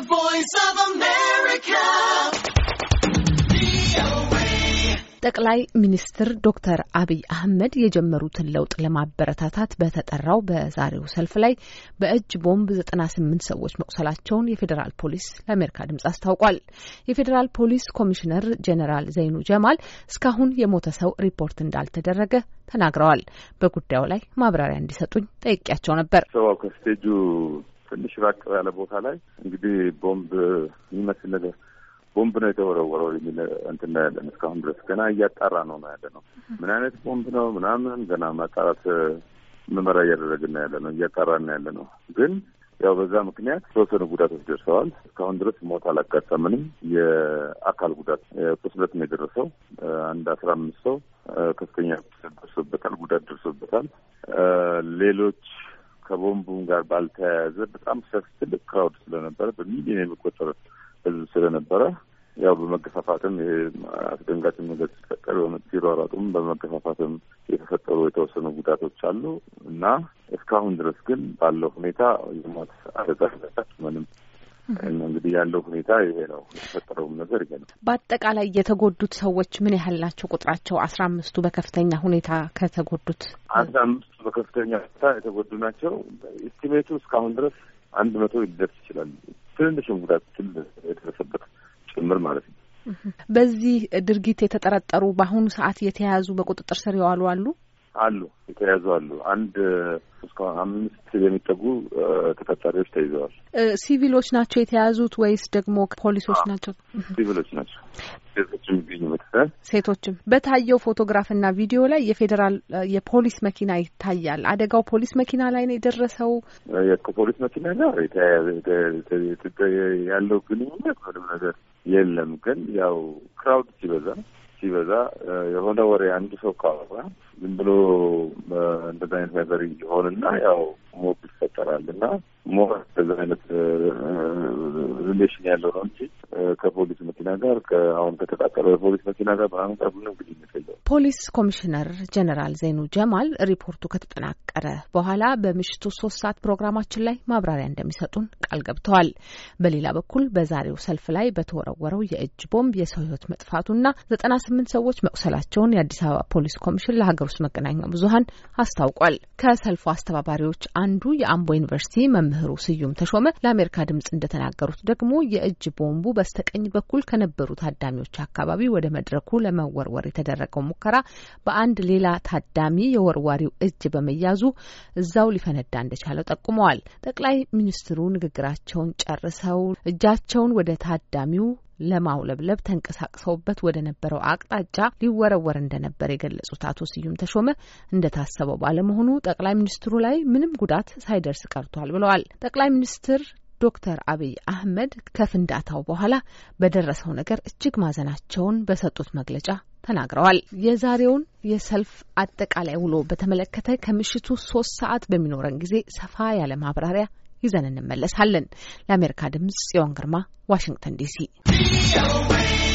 The ጠቅላይ ሚኒስትር ዶክተር አብይ አህመድ የጀመሩትን ለውጥ ለማበረታታት በተጠራው በዛሬው ሰልፍ ላይ በእጅ ቦምብ ዘጠና ስምንት ሰዎች መቁሰላቸውን የፌዴራል ፖሊስ ለአሜሪካ ድምጽ አስታውቋል። የፌዴራል ፖሊስ ኮሚሽነር ጄኔራል ዘይኑ ጀማል እስካሁን የሞተ ሰው ሪፖርት እንዳልተደረገ ተናግረዋል። በጉዳዩ ላይ ማብራሪያ እንዲሰጡኝ ጠይቄያቸው ነበር። ሰው ከስቴጁ ትንሽ ራቅ ያለ ቦታ ላይ እንግዲህ ቦምብ የሚመስል ነገር ቦምብ ነው የተወረወረው የሚል እንትና ያለን እስካሁን ድረስ ገና እያጣራ ነው ነው ያለ ነው። ምን አይነት ቦምብ ነው ምናምን ገና ማጣራት ምርመራ እያደረግን ያለ ነው እያጣራ እያጣራን ያለ ነው። ግን ያው በዛ ምክንያት ተወሰኑ ጉዳቶች ደርሰዋል። እስካሁን ድረስ ሞት አላጋጠምንም። የአካል ጉዳት ቁስለት ነው የደረሰው። አንድ አስራ አምስት ሰው ከፍተኛ ቁስለት ደርሶበታል፣ ጉዳት ደርሶበታል። ሌሎች ከቦምቡም ጋር ባልተያያዘ በጣም ሰፊ ትልቅ ክራውድ ስለነበረ በሚሊዮን የሚቆጠር ህዝብ ስለነበረ ያው በመገፋፋትም አስደንጋጭ አስደንጋጭም ነገር ሲፈጠር ሲሯሯጡም በመገፋፋትም የተፈጠሩ የተወሰኑ ጉዳቶች አሉ እና እስካሁን ድረስ ግን ባለው ሁኔታ የሞት አደጋ ምንም ያለው ሁኔታ ይሄ ነው። የተፈጠረውም ነገር ይሄ ነው። በአጠቃላይ የተጎዱት ሰዎች ምን ያህል ናቸው? ቁጥራቸው አስራ አምስቱ በከፍተኛ ሁኔታ ከተጎዱት አስራ አምስቱ በከፍተኛ ሁኔታ የተጎዱ ናቸው። ኢስቲሜቱ እስካሁን ድረስ አንድ መቶ ሊደርስ ይችላል። ትንንሽም ጉዳት ትል የደረሰበት ጭምር ማለት ነው። በዚህ ድርጊት የተጠረጠሩ በአሁኑ ሰዓት የተያያዙ በቁጥጥር ስር የዋሉ አሉ? አሉ የተያዙ አሉ። አንድ እስካሁን አምስት የሚጠጉ ተጠርጣሪዎች ተይዘዋል። ሲቪሎች ናቸው የተያዙት ወይስ ደግሞ ፖሊሶች ናቸው? ሲቪሎች ናቸው። ሴቶችም ይገኙበታል። ሴቶችም በታየው ፎቶግራፍና ቪዲዮ ላይ የፌዴራል የፖሊስ መኪና ይታያል። አደጋው ፖሊስ መኪና ላይ ነው የደረሰው። ፖሊስ መኪና ጋር ያለው ግንኙነት ምንም ነገር የለም። ግን ያው ክራውድ ሲበዛ ሲበዛ የሆነ ወሬ አንድ ሰው ካወራ ዝም ብሎ እንደዚ አይነት ነገር ይሆንና ያው ሞብ ይፈጠራል እና ሞር እንደዚ አይነት ሪሌሽን ያለው ነው እንጂ ከፖሊስ መኪና ጋር አሁን ከተቃጠለው የፖሊስ መኪና ጋር ምናምን ጋር ምንም ግንኙነት የለው። የፖሊስ ኮሚሽነር ጀነራል ዘይኑ ጀማል ሪፖርቱ ከተጠናቀረ በኋላ በምሽቱ ሶስት ሰዓት ፕሮግራማችን ላይ ማብራሪያ እንደሚሰጡን ቃል ገብተዋል። በሌላ በኩል በዛሬው ሰልፍ ላይ በተወረወረው የእጅ ቦምብ የሰው ሕይወት መጥፋቱና ዘጠና ስምንት ሰዎች መቁሰላቸውን የአዲስ አበባ ፖሊስ ኮሚሽን ለሀገር ውስጥ መገናኛ ብዙኃን አስታውቋል። ከሰልፉ አስተባባሪዎች አንዱ የአምቦ ዩኒቨርሲቲ መምህሩ ስዩም ተሾመ ለአሜሪካ ድምጽ እንደተናገሩት ደግሞ የእጅ ቦምቡ በስተቀኝ በኩል ከነበሩ ታዳሚዎች አካባቢ ወደ መድረኩ ለመወርወር የተደረገው ሙከራ በአንድ ሌላ ታዳሚ የወርዋሪው እጅ በመያዙ እዛው ሊፈነዳ እንደቻለው ጠቁመዋል። ጠቅላይ ሚኒስትሩ ንግግራቸውን ጨርሰው እጃቸውን ወደ ታዳሚው ለማውለብለብ ተንቀሳቅሰውበት ወደ ነበረው አቅጣጫ ሊወረወር እንደነበር የገለጹት አቶ ስዩም ተሾመ እንደታሰበው ባለመሆኑ ጠቅላይ ሚኒስትሩ ላይ ምንም ጉዳት ሳይደርስ ቀርቷል ብለዋል። ጠቅላይ ሚኒስትር ዶክተር አብይ አህመድ ከፍንዳታው በኋላ በደረሰው ነገር እጅግ ማዘናቸውን በሰጡት መግለጫ ተናግረዋል። የዛሬውን የሰልፍ አጠቃላይ ውሎ በተመለከተ ከምሽቱ ሶስት ሰዓት በሚኖረን ጊዜ ሰፋ ያለ ማብራሪያ ይዘን እንመለሳለን። ለአሜሪካ ድምጽ ጽዮን ግርማ ዋሽንግተን ዲሲ